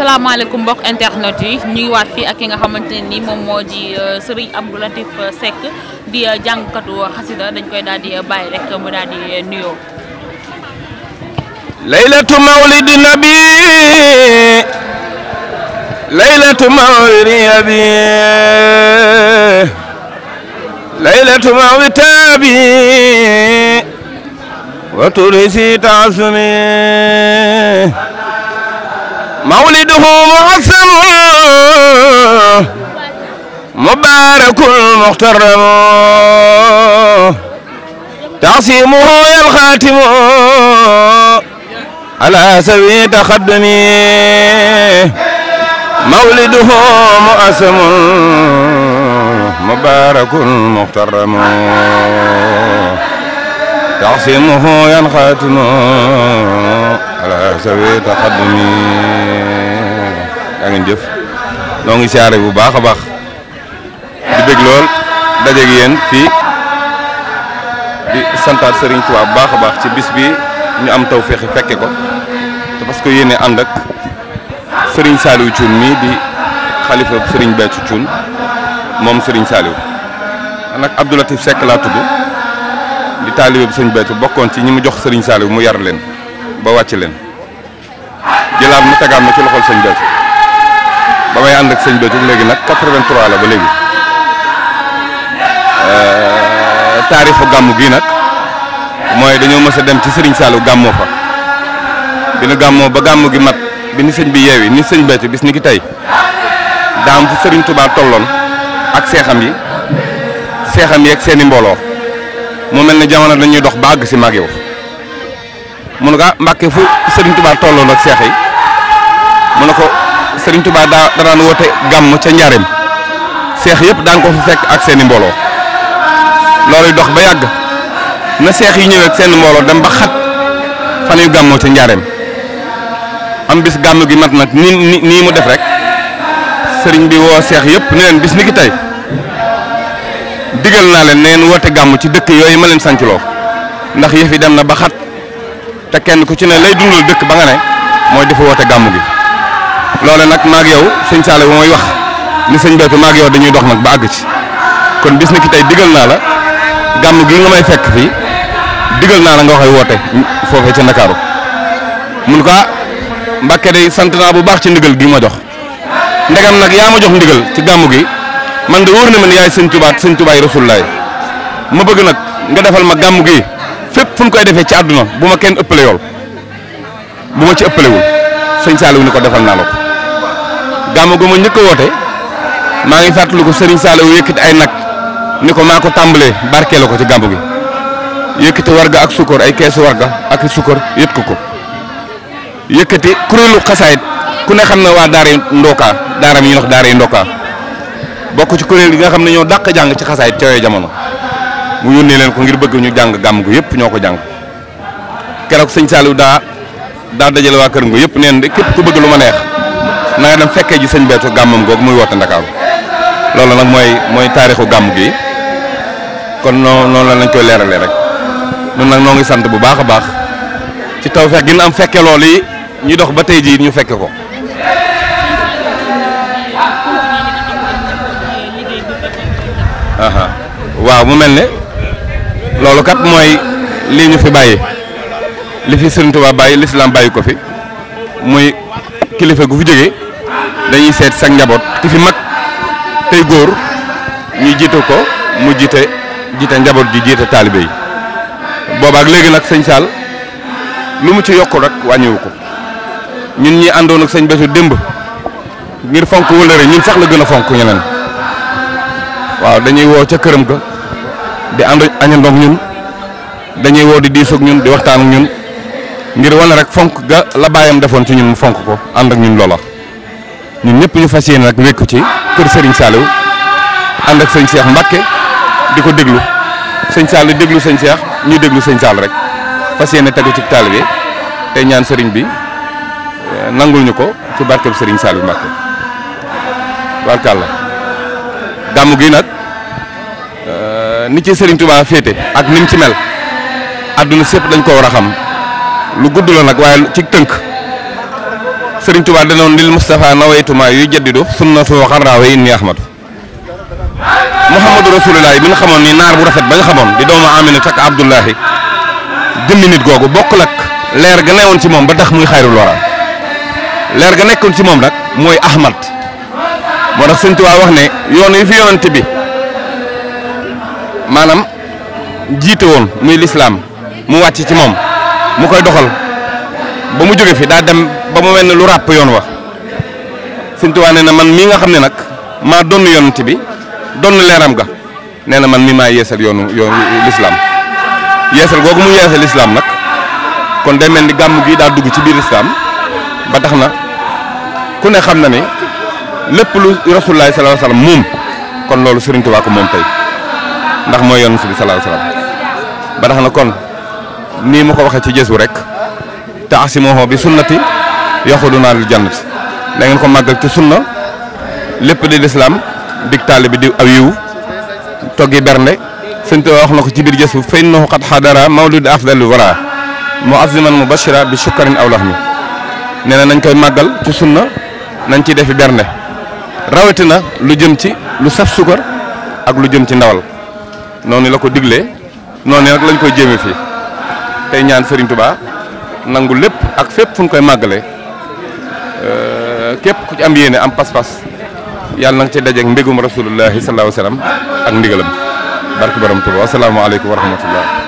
salaamaaleykum mbokk internet yi ñu ngi waat fii ak ki nga xamante ne nii moom moo di euh, Serigne Abdou Latif Seck di euh, jàngkatu xasida dañ koy daal di euh, bàyyi rek mu daal di nuyoo. laylatu mawlidi nabi laylatu mawlidi nabi laylatu mawlidi tabi wa turisi taasumi mawliduhu muassamu mubarakul muxtaramu taasimuhu yal xaatimu على سبيل تقدمي مولده مؤسم مبارك محترم تعصمه ينخاتم على سبيل تقدمي yaa ngeen jëf noo ngi siyaare bu baax a baax di bëgg dajeeg yéen fii di santaat sëriñ Touba bu baax a baax ci bis bi ñu am taw féexi fekke ko te parce que yéene ànd ak Serigne Saliou Thioune mii di xalifa Serigne Béthio Thioune moom sëriñ Saliou nag Abdou Latif Seck laa tudd di taalibe Serigne Béthio bokkoon ci ñi mu jox Serigne Saliou mu yar leen ba wàcc leen jëlaat ma tegaat ma ci loxol Serigne Béthio ba may ànd ak Serigne Béthio léegi nag 83 la ba léegi euh, taarixu gàmmu gii nag. mooy dañoo mës dem ci Serigne Saliou gàmmoo fa bi nu gàmmoo ba gàmm gi mat bi ni sëñ bi yeewi ni sëñ Béthio bis ni ki tey daam fu Serigne Touba tolloon ak seexam yi seexam yi ak seeni mbooloo moo mel ne jamono dañuy dox ba àgg si mag yow mu ne ko ah, Mbàkke tolloon ak seex yi mu ne ko Serigne Touba daa daan woote gàmm ca njaareem seex yëpp daan ko fi fekk ak seeni mbooloo loolu dox ba yàgg. na seex yi ñëwee ak seen mbooloo dem ba xat fan gàmmoo ci njaareem am bis gàmm gi mat nag ni nii mu def rek sëriñ bi woo seex yëpp ne leen bis ni ki tey digal naa leen neen woote gàmm ci dëkk yooyu ma leen sancloo ndax yëf yi dem na ba xat te kenn ku ci ne lay dundal dëkk ba nga ne mooy dafa woote gàmm gi loole nag maag yow sëñ saale bu mooy wax ni sëñ beetu maag yow dañuy dox nag ba àgg ci kon bis ni ki tey digal naa la gàmm gi nga may fekk fii digal naa la nga waxay woote foofee ca Ndakaaru mun ko ah Mbàkke sant naa bu baax ci ndigal gi ma jox ndegam nag yaa ma jox ndigal ci gàmmu gi man de wóor na ma ne yaay sëñ Tuubaa sëñ Tuubaay Rasulullaay ma bëgg nag nga defal ma gàmmu gi fépp fu koy defee ci àdduna bu ma kenn ëppale yool bu ma ci ëppalewul sëñ Saaliw ni ko defal naa la ko gàmmu ma njëkk woote maa ngi ko sëriñ Saaliw yëkkati ay nag ni ko maa ko tàmbalee barkeeloo ko ci gàmmu gi yëkkati warga ak sukkur ay keesu warga ak sukkur yët ko ko yëkkati kuréelu xasaayit ku ne xam na waa daara ndookaa daara mi ñu wax daara yi ndookaa bokk ci kuréel yi nga xam ne ñoo dàq jàng ci xasaayit ca yooyu jamono mu yónnee leen ko ngir bëgg ñu jàng gàmm gu yëpp ñoo ko jàng keroog sëñ saalu daa daa dajale waa kër gi yëpp neen de képp ku bëgg lu ma neex na nga dem fekkee ji sëñ Béthio gàmmam googu muy wote Ndakaaru loolu nag mooy mooy taarixu gàmm gi kon noonu noonu lañ koy leeralee rek. ñun nag noo ngi sant bu baax a baax ci taw fekk gin am fekke loolu yi ñuy dox ba tey jii ñu fekke ko waaw mu mel ni loolu kat mooy lii ñu fi bàyyi li fi Sëriñ bàyyi lislaam bàyyi ko fi muy kilifa gu fi jóge dañuy seet sa njaboot ki fi mag tey góor ñu jiite ko mu jiite jiite njaboot ji jiite taalibe yi boobaak léegi nag sëñ Saal lu mu ci yokk rek wàññiwu ko ñun ñi àndoon ak sëñ Béthio démb ngir fonk wëllëre ñun sax la gën a fonk ñeneen waaw dañuy woo ca këram ga di ànd añandoog ñun dañuy woo di diisoog ñun di waxtaan ak ñun ngir wane rek fonk ga la baayam defoon ci ñun mu fonk ko ànd ak ñun loola ñun ñëpp ñu fas yéene nag wékku ci kër Serigne Saliou ànd ak sëñ Cheikh Mbacke di ko déglu sëñ Saliou déglu sëñ Cheikh ñu déglu sëñ Sall rek fas yéene tegu ci taalibe te ñaan sëriñ bi euh, nangul ñu ko ci barkeb sëriñ Sall bi Mbàkke barkalla gàmm gi nag euh, ni ci sëriñ Touba féete ak ni mu ci mel àdduna sépp dañ ko war a xam lu gudd la nag waaye ci tënk sëriñ Touba danoon lil Moustapha nawaytuma yuy jaddidu sunnatu xamraawe inni ahmadu Muhammadu Rasulullah bi nga xamoon ni naar bu rafet ba nga xamoon di doomu Amina takk Abdullahi jëmmi nit googu bokk ak leer ga ci moom ba tax muy xayrul wara leer ga nekkoon ci moom nag mooy Ahmad moo tax Sëñ Tuubaa wax ne yoon yu fi yonante bi maanaam jiite woon muy lislaam mu wàcce ci moom mu koy doxal ba mu jóge fi daa dem ba mu mel ne lu ràpp yoon wa Sëñ Tuubaa nee na man mii nga xam ne nag maa doon yonante bi donn leeram ga nee na man mi maa yeesal yoonu yoonu lislaam yeesal googu mu yeesal lislaam nag kon day mel ni gàmm gi daa dugg ci biir lislaam ba tax na ku ne xam na ni lépp lu rasulullaahi sallallaahu alayhi wa sallam kon loolu Sëriñ Tuubaa ko moom tey ndax mooy yonent bi sallallaahu alayhi wa ba tax na kon nii mu ko waxee ci jësu rek te taasimoho bi sunnati yaxudunaa lil jannati da ngeen ko màggal ci sunna lépp di lislaam dig bi di aw yiw toggi bernde sëñ Tuubaa wax na ko ci biir jës bu fay na ko xat xadara mawlid afdal wara moo aziman mu bashira bi sukkarin aw lax mi nee na nañ koy màggal ci na nañ ciy defi bernde rawatina lu jëm ci lu saf sukar ak lu jëm ci ndawal noonu la ko digle noonu nag lañ koy jéeme fii tey ñaan Serigne Touba nangu lépp ak fépp fu koy màggale képp ku ci am yéene am pas-pas yàlla na nga ci dajeeg mbégum rasulullahi sallallahu alayhi wa sallam ak ndigalam barke borom Tuuba asalaamaaleykum wa rahmatullah